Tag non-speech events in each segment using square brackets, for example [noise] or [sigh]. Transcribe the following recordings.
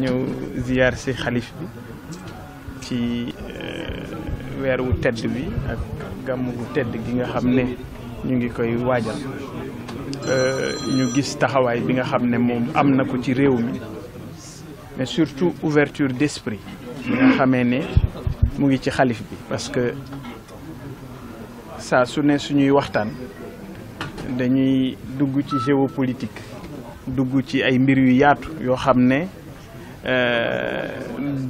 ñëw ziyaar si xalif bi ci euh, weer wu tedd bi ak gamu gu tedd gi nga xam ne ñu ngi koy waajal euh, ñu gis taxawaay bi nga xam ne moom ko ci réew mi mais surtout ouverture d'esprit bi nga xamee ne mu ngi ci xalif bi parce que ça su ne suñuy waxtaan dañuy dugg ci géopolitique dugg ci ay mbir yu yaatu yoo xam ne euh,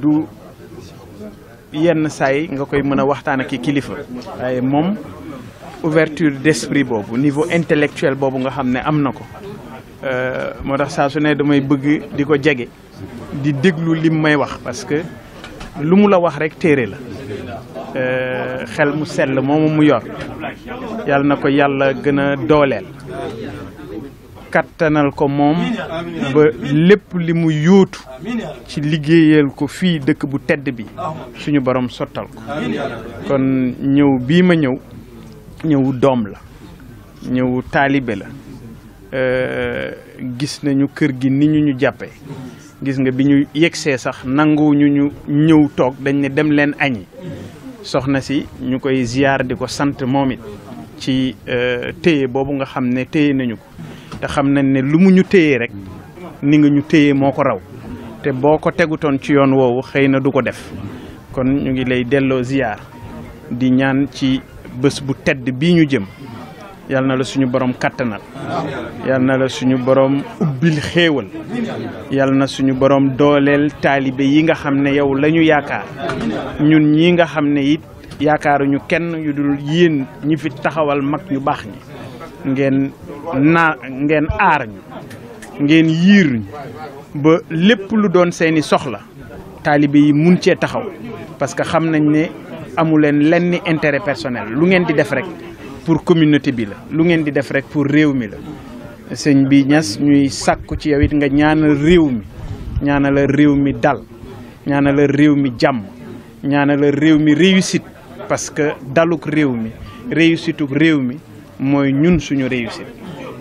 du yenn saay nga koy mën a waxtaan ak kilifa waaye moom ouverture d'esprit boobu niveau intellectuel boobu nga xam ne am na ko euh, moo tax saa su ne damay bëgg di ko jege di déglu lim may wax parce que lu mu la wax rek téere la euh, xel mu sell moomu mu yor yàlla na ko yàlla gën a dooleel kattanal ko moom ba lépp li mu yóotu ci liggéeyal ko fii dëkk bu tedd bi suñu borom sottal ko kon ñëw bii ma ñëw ñëwu doom la ñëwu taalibe la gis nañu kër gi ni ñu ñu jàppee gis nga bi ñu yegsee sax nanguwuñu ñu ñëw toog dañ ne dem leen añi soxna si ñu koy ziyaar di ko sant moom it ci téye boobu nga xam ne téye nañu ko te xam nañ ne lu mu ñu téyee rek mm. ni nga ñu téyee moo ko raw te boo ko tegutoon ci yoon woowu xëy na du ko def kon ñu ngi lay delloo ziyaar di ñaan ci bés bu tedd bii ñu jëm yal na la suñu borom kattanal yal na la suñu borom ubbil xéewal yal na suñu borom dooleel taalibe yi nga xam ne yow lañu yaakaar ñun ñi nga xam ne it yaakaaruñu kenn yu dul yéen ñi fi taxawal mag ñu baax ñi na ngeen aar ñu ngeen yiir ñu ba lépp lu doon seeni soxla taalibe yi mun cee taxaw parce que xam nañ ne amuleen lenn intérêt personnel lu ngeen di def rek pour communauté bi la lu ngeen di def rek pour réew mi la sëñ bi ñas ñuy sàkku ci yow it nga ñaanal réew mi ñaanal réew mi dal ñaanal réew mi jàmm ñaanal réew mi réussite parce que daluk réew mi réussite réew mi mooy ñun suñu réussite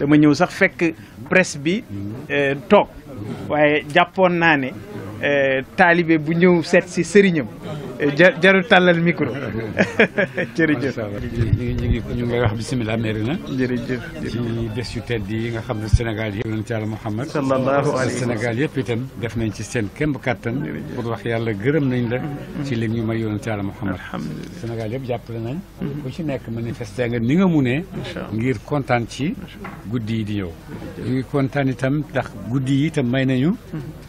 dama ñëw sax fekk presse bi euh, toog jàppoon naa ne Eh, taalibe bu ñëw seet si sëriñam eh, jaru tàllal micro [laughs] jërëjëf ñu ngi ñu ngi wax bisimilah mairie na jërëjëf ci bés yu tedd yi nga xam ne Sénégal yëpp yonent Yàlla Muhammad sallallahu alayhi yëpp itam def nañ ci seen kémb kattan pour wax yàlla gërëm nañ la ci li ñu may yonent Yàlla Muhammad Sénégal yëpp jàppale nañ mm-hmm. ku ci nekk manifesté nga ni nga mu ne ngir kontaan ci guddi yi di ñëw ñu ngi kontaan itam ndax guddi yi itam may nañu mm-hmm.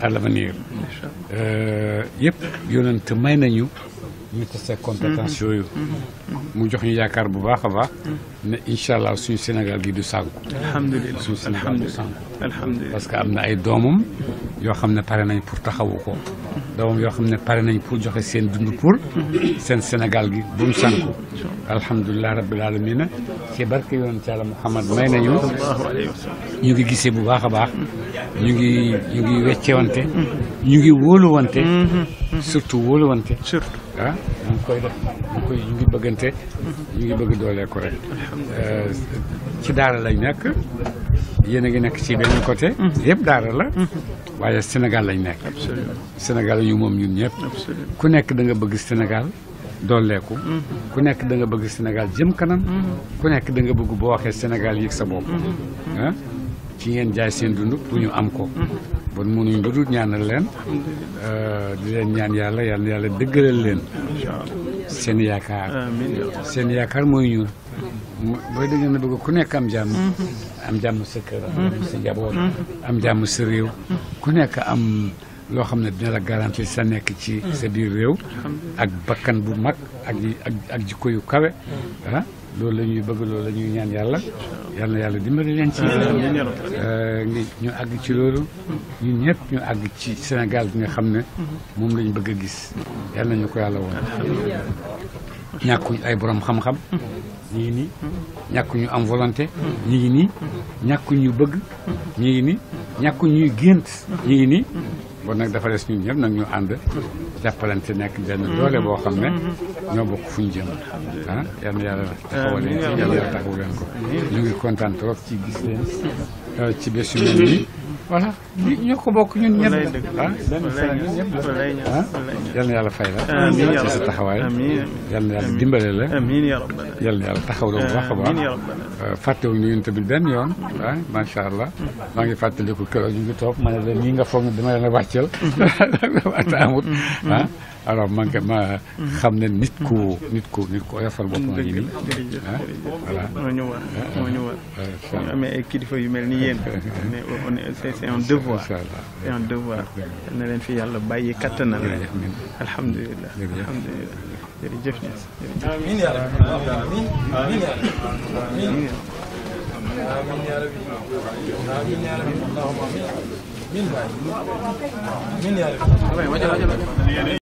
à l'avenir euh, yëpp yonent may nañu ministre Seck compétence yooyu. mu jox ñu yaakaar bu baax a baax. ne incha allah suñu Sénégal gi du sànku. alhamdulilah suñu Sénégal du sànku. alhamdulilah parce que am na ay doomam. yoo xam ne pare nañ pour taxawu ko. doomam yoo xam ne pare nañ pour joxe seen dund pour. seen Sénégal gi bu mu sànku. alhamdulilah rabbil alamina ci barke yoon ci Yàlla Muhammad may nañu. ñu ngi gisee bu baax a baax. ñu ngi ñu ngi weccewante. ñu ngi wóoluwante. surtout wóoluwante. surtout ah ñu koy def ñu koy ñu ngi bëggante. ñu ngi bëgg doolee ko rek. Eh, ci daara lañ nekk. yéen a ngi nekk ci benn côté. Mhm. yëpp daara la. Mhm. waaye Sénégal lañ nekk. Sénégal yu moom ñun ñëpp. ku nekk da nga bëgg Sénégal. dooleeku mhm. ku nekk danga bëgg Sénégal jëm kanam ku nekk danga bëgg boo waxee Sénégal yëg sa bopp ah, ci ngeen jaay seen dund pour ñu am ko bon mënuñ lu dul ñaanal leen euh, di leen ñaan yàlla yàlla na yàlla dëggalal leen seen yaakaar seen yaakaar mooy ñun booy dëgg na bëgg ku nekk am jàmm mm-hmm. am jàmm sa kër am sa mm-hmm. njaboot mm-hmm. am jàmm sa réew ku nekk am loo xam ne dina la garanti sa nekk ci sa biir réew ak bakkan bu mag ak ak yu kawe ah? loolu la ñuy bëgg loolu la ñuy ñaan yàlla yal yàlla dimbali leen ci euh, ñu àgg ci loolu ñun ñëpp ñu àgg ci senegal bi nga xam ne moom lañu bëgg a gis yal nañu ko yàlla woon ñàkkuñ ay boroom xam-xam ñi ngi nii ñàkk ñu am volonté ñi ngi nii ñàkk ñu bëgg ñi ngi nii ñàkk gént ñi ngi nii bon nag dafa des ñun ñëpp nag ñu ànd jàppalante nekk benn doole boo xam ne ñoo bokk fu ñu jëm ah yal na yàlla taxawal leen yàlla taxawu ko ñu ngi kontaan trop ci gis leen euh, ci bés nii voilà ñu ñu ko bokk ñun ñëpp la ah ben sa ñun ñëpp la ah yalla yalla fay la amin ya rabbal taxaway amin yalla yalla dimbalé la amin ya rabbal yalla yalla taxaw do wax ba amin ya rabbal faté wu ñu ñu tamit ben yoon ah ma sha Allah ma ngi faté liku kër ñu ngi top ma la ñi nga fogg dama la waccel [laughs] mm-hmm. ah alors man ma nit nit nit ko ko ko أرى مانجا ما خمنا نتكو نتكو نتكو يفر بطناني mais kilifa yu mel ni yéen mais on est c'est un devoir c'est un devoir na leen fi yàlla bàyyi kattanal leen alhamdulilah alhamdulilah jërëjëf Niass amiin yaa rabbi amiin amiin yaa rabbi amiin yaa rabbi amiin yaa rabbi اللهم امين امين يا رب